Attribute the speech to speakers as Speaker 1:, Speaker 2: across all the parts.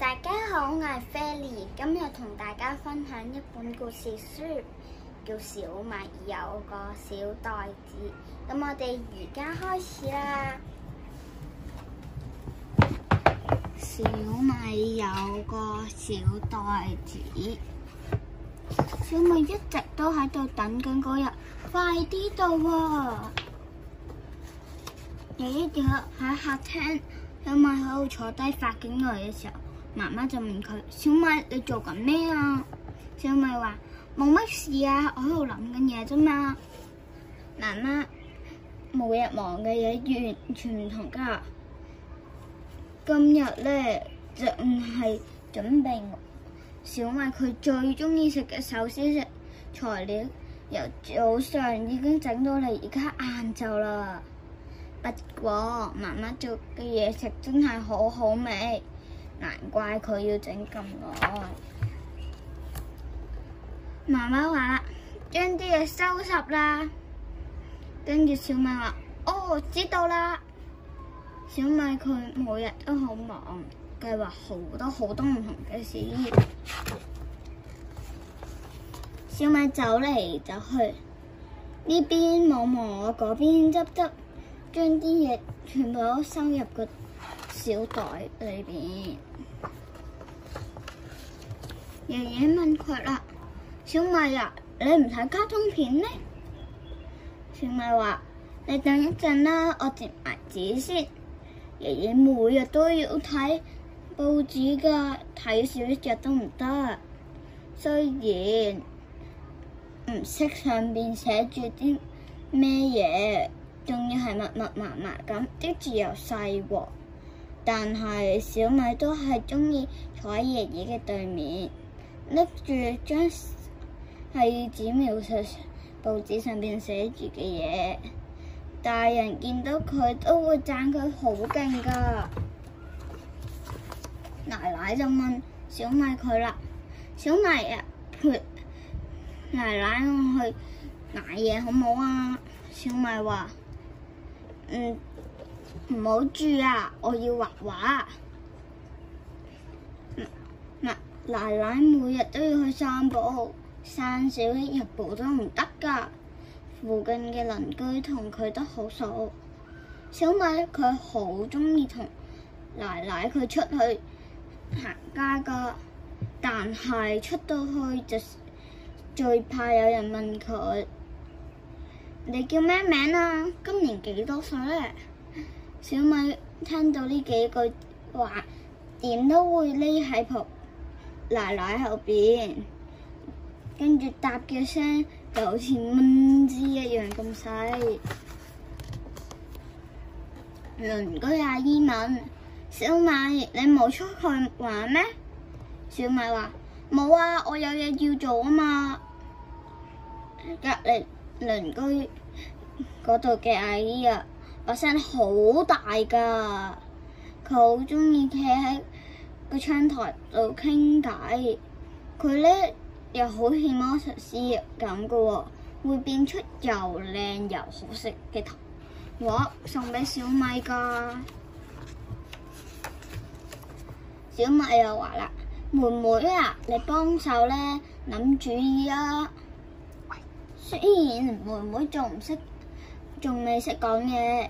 Speaker 1: 大家好，我係 Fely，今日同大家分享一本故事書，叫《小米有個小袋子》。咁我哋而家開始啦。小米有個小袋子，小米一直都喺度等緊嗰日，快啲到啊，哦！你依家喺客廳，小米喺度坐低發緊呆嘅時候。媽媽就問佢：小米，你做緊咩啊？小米話：冇乜事啊，我喺度諗緊嘢啫嘛。媽媽每日忙嘅嘢完全唔同噶。今日咧就唔係準備小米佢最中意食嘅壽司食材料，由早上已經整到嚟，而家晏晝啦。不過媽媽做嘅嘢食真係好好味，難怪佢要整咁耐。媽媽話：將啲嘢收拾啦。跟住小米話：哦，知道啦。小米佢每日都好忙，計劃好多好多唔同嘅事。小米走嚟走去，呢邊望望，嗰邊執執，將啲嘢全部都收入個小袋裏邊，爺爺問佢啦：小米啊，你唔睇卡通片咩？小米話：你等一陣啦，我接埋紙先。爺爺每日都要睇報紙㗎，睇少一隻都唔得。雖然唔識上面寫住啲咩嘢，仲要係密密麻麻咁，啲字又細喎、啊。但係小米都係中意坐喺爺爺嘅對面，拎住張係紙，描述報紙上邊寫住嘅嘢。大人見到佢都會讚佢好勁㗎。奶奶就問小米佢啦：小米啊，陪奶奶我去買嘢好唔好啊？小米話：嗯。唔好住啊！我要畫畫。奶奶每日都要去散步，散少一步都唔得噶。附近嘅鄰居同佢都好熟。小米佢好中意同奶奶佢出去行街噶，但係出到去就最怕有人問佢：你叫咩名啊？今年幾多歲咧？小米聽到呢幾句話，點都會匿喺婆奶奶後邊，跟住答嘅聲就好似蚊子一樣咁細。鄰居阿姨問：小米，你冇出去玩咩？小米話：冇啊，我有嘢要做啊嘛。隔離鄰居嗰度嘅阿姨啊！把聲好大噶，佢好中意企喺個窗台度傾偈。佢咧又好似魔術師咁噶，會變出又靚又好食嘅糖，哇，送俾小米噶。小米又話啦：妹妹啊，你幫手咧諗主意啊。雖然妹妹仲唔識，仲未識講嘢，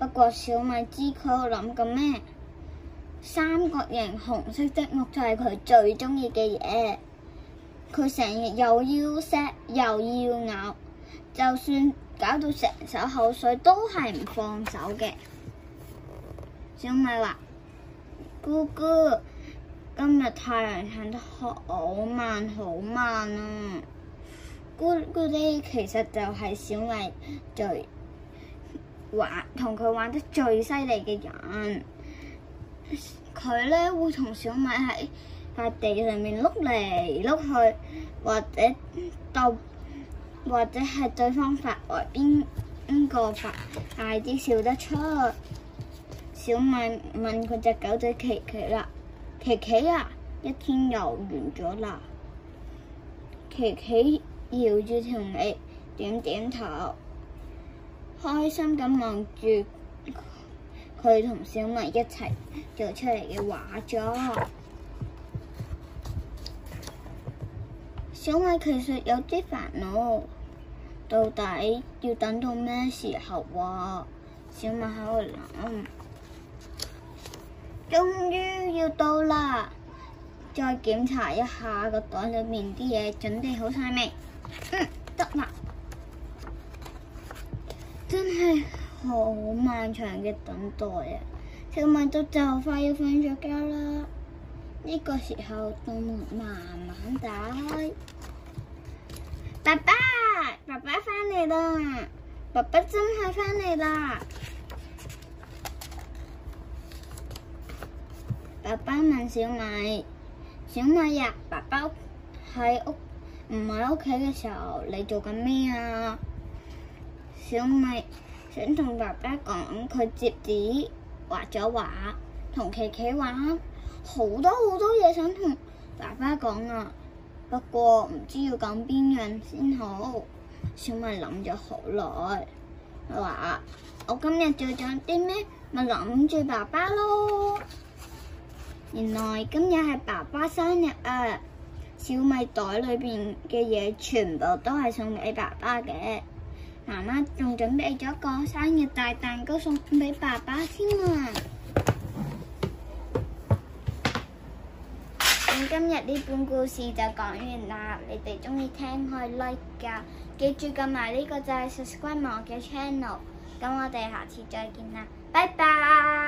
Speaker 1: 不過小米知佢喺度諗緊咩？三角形紅色積木就係佢最中意嘅嘢。佢成日又要錫又要咬，就算搞到成手口水都係唔放手嘅。小米話：姑姑，今日太陽行得好慢好慢啊！姑姑呢其實就係小米最……」玩同佢玩得最犀利嘅人，佢呢會同小米喺塊地上面碌嚟碌去，或者鬥，或者係對方發呆，邊個發呆啲笑得出。小米問佢隻狗仔琪琪啦，琪琪啊，一天又完咗啦。琪琪搖住條尾，點點頭。開心咁望住佢同小米一齊做出嚟嘅畫作。小米其實有啲煩惱，到底要等到咩時候啊？小米喺度諗，終於要到啦，再檢查一下個袋裏面啲嘢準備好晒未？嗯，得啦。真係好漫長嘅等待啊！小米都就快要瞓着覺啦，呢、這個時候，度門慢慢打開。爸爸，爸爸翻嚟啦！爸爸真係翻嚟啦！爸爸問小米：小米呀、啊，爸爸喺屋唔喺屋企嘅時候，你做緊咩啊？小米想同爸爸講佢摺紙畫咗畫，同琪琪玩好多好多嘢，想同爸爸講啊！不過唔知要講邊樣先好。小米諗咗好耐，佢話，我今日做咗啲咩咪諗住爸爸咯。原來今日係爸爸生日啊！小米袋裏邊嘅嘢全部都係送俾爸爸嘅。媽媽仲準備咗個生日大蛋糕送俾爸爸先啊！咁今日呢本故事就講完啦，你哋中意聽，可以 like 㗎，記住撳埋呢個就係 subscribe 埋我嘅 channel。咁我哋下次再見啦，拜拜。